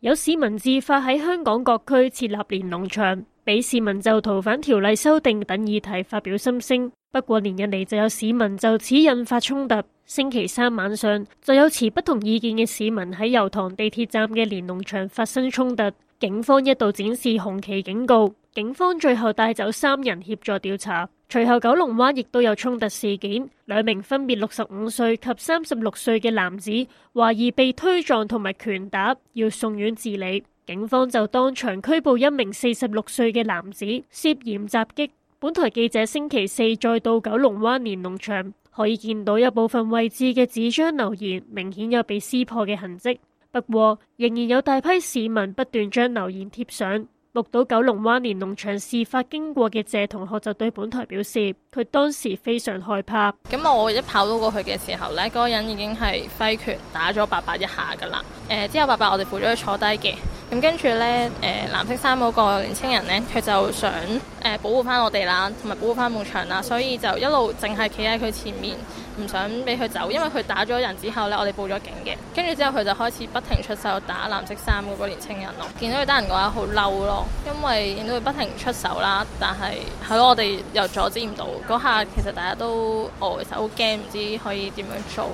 有市民自發喺香港各區設立連儂牆，俾市民就逃犯條例修訂等議題發表心聲。不過，連日嚟就有市民就此引發衝突。星期三晚上，就有持不同意見嘅市民喺油塘地鐵站嘅連儂牆發生衝突，警方一度展示紅旗警告，警方最後帶走三人協助調查。隨後九龍灣亦都有衝突事件，兩名分別六十五歲及三十六歲嘅男子懷疑被推撞同埋拳打，要送院治理。警方就當場拘捕一名四十六歲嘅男子涉嫌襲擊。本台記者星期四再到九龍灣連儂牆，可以見到有部分位置嘅紙張留言明顯有被撕破嘅痕迹，不過仍然有大批市民不斷將留言貼上。錄到九龍灣連儂牆事發經過嘅謝同學就對本台表示，佢當時非常害怕。咁我一跑到過去嘅時候呢個人已經係揮拳打咗爸爸一下噶啦。誒，之後爸爸我哋扶咗佢坐低嘅。咁跟住呢，誒、呃，藍色衫嗰個年青人呢，佢就想誒保護翻我哋啦，同埋保護翻連儂牆啦，所以就一路淨係企喺佢前面。唔想俾佢走，因為佢打咗人之後呢，我哋報咗警嘅。跟住之後佢就開始不停出手打藍色衫嗰個年青人咯。見到佢打人嘅話，好嬲咯，因為見到佢不停出手啦。但係喺我哋又阻止唔到。嗰下其實大家都，呆其好驚，唔知可以點樣做。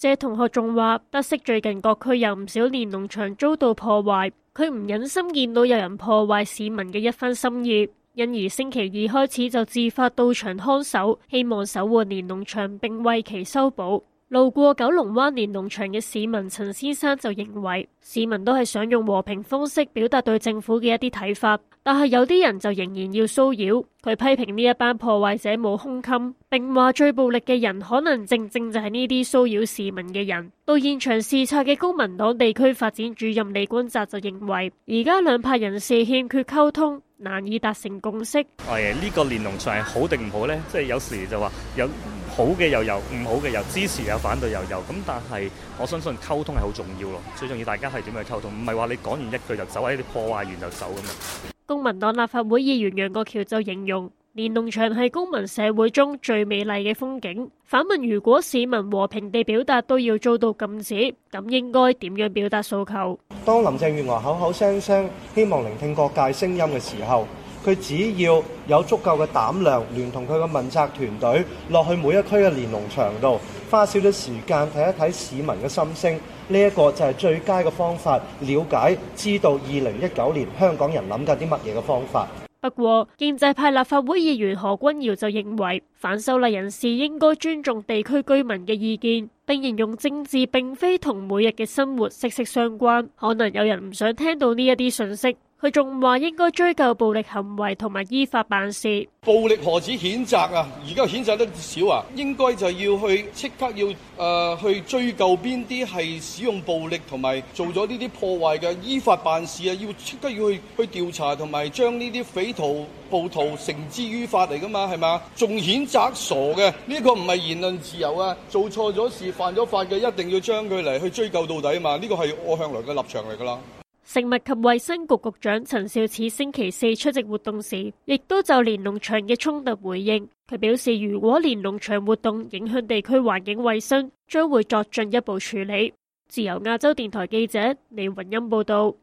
謝同學仲話，得悉最近各區有唔少連儂牆遭到破壞，佢唔忍心見到有人破壞市民嘅一番心意。因而星期二開始就自發到場看守，希望守護連儂牆並為其修補。路過九龍灣連儂牆嘅市民陳先生就認為，市民都係想用和平方式表達對政府嘅一啲睇法，但係有啲人就仍然要騷擾。佢批評呢一班破壞者冇胸襟，並話最暴力嘅人可能正正就係呢啲騷擾市民嘅人。到現場視察嘅公民黨地區發展主任李官澤就認為，而家兩派人士欠缺溝通，難以達成共識。誒呢個連儂牆係好定唔好咧？即係有時就話有好嘅又有，唔好嘅又支持又反對又有。咁但係我相信溝通係好重要咯。最重要大家係點樣溝通？唔係話你講完一句就走，或者你破壞完就走咁啊？公民黨立法會議員楊岳橋就形容，連儂牆係公民社會中最美麗嘅風景。反問，如果市民和平地表達都要遭到禁止，噉應該點樣表達訴求？當林鄭月娥口口聲聲希望聆聽各界聲音嘅時候，佢只要有足夠嘅膽量，聯同佢嘅問責團隊，落去每一區嘅連儂牆度，花少少時間睇一睇市民嘅心聲，呢一個就係最佳嘅方法，了解知道2019年香港人諗緊啲乜嘢嘅方法。不過，建制派立法會議員何君堯就認為，反修例人士應該尊重地區居民嘅意見，並形容政治並非同每日嘅生活息息相關。可能有人唔想聽到呢一啲信息。佢仲話應該追究暴力行為同埋依法辦事。暴力何止譴責啊？而家譴責得少啊，應該就要去即刻要誒、呃、去追究邊啲係使用暴力同埋做咗呢啲破壞嘅，依法辦事啊！要即刻要去去調查同埋將呢啲匪徒暴徒繩之於法嚟噶嘛？係嘛？仲譴責傻嘅？呢、這個唔係言論自由啊！做錯咗事，犯咗法嘅，一定要將佢嚟去追究到底啊嘛！呢、這個係我向來嘅立場嚟噶啦。食物及衛生局局長陳肇始星期四出席活動時，亦都就連儂牆嘅衝突回應。佢表示，如果連儂牆活動影響地區環境衛生，將會作進一步處理。自由亞洲電台記者李云欣報道。